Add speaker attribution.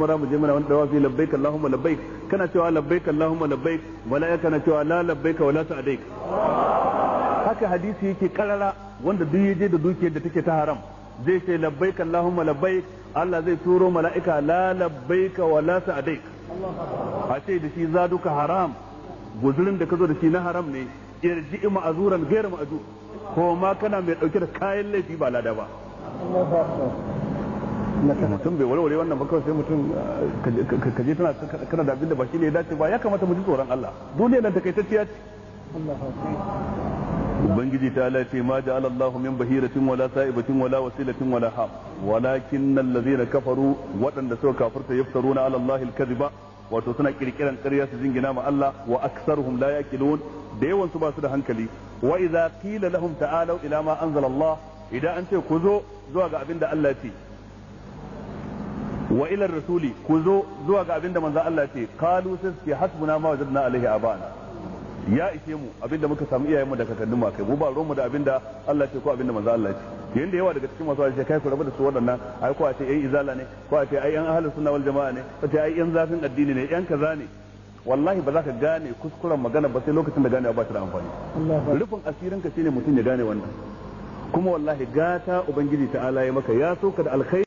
Speaker 1: za mu je muna wani fi labbaik allahumma labbaik kana cewa labbaik allahumma labbaik wala kana cewa la labbaik wala sa'daik haka hadisi yake karara wanda duk yaje da dukiyar da take ta haram zai ce labbaik allahumma labbaik Allah zai turo mala'ika la labbaik wala sa'daik a ce da shi "Za duka haram guzurin da ka zo da shi na haram ne ima azuran gairu ma'azu ko ma kana mai dauke da kayan laifi ba lada ba mutum bai warware wannan ba kawai sai mutum ah, ka je tana kana da abin da ba shi ne ya dace ba ya kamata mu ji tsoron Allah duniya nan takaitacciya ce ubangiji ta ala ce ma ja'ala Allah min bahiratin wala sa'ibatin wala wasilatin wala ha walakin nan allazina kafaru waɗanda suka kafirta yaftaruna ala runa al-kadhiba wato suna kirkiran ƙarya su jingina ma Allah wa aksar aksaruhum la yaqilun da yawan su ba su da hankali wa idza qila lahum ta'alu ila ma anzala idan an ce ku zo zuwa ga abin da Allah ce wa ilar rasuli ku zo zuwa ga abinda manzo Allah ce kalu sai ce hasbuna ma wajadna alaihi abana ya ishe mu abinda muka samu iyayenmu da kakannin mu kai mu ba ruwanmu da abinda Allah ce ko abinda manzo Allah ce da yawa daga cikin masu ce kai ku rabu da su waɗannan ai ko a ce ai izala ne ko a ce ai yan ahlus sunna wal jamaa ne ko ce ai yan zafin addini ne yan kaza ne wallahi ba za ka gane kuskuren magana ba sai lokacin da gane ba ta da amfani rufin asirin ka shine mutum ya gane wannan kuma wallahi gata ubangiji ta'ala ya maka ya so ka da alkhairi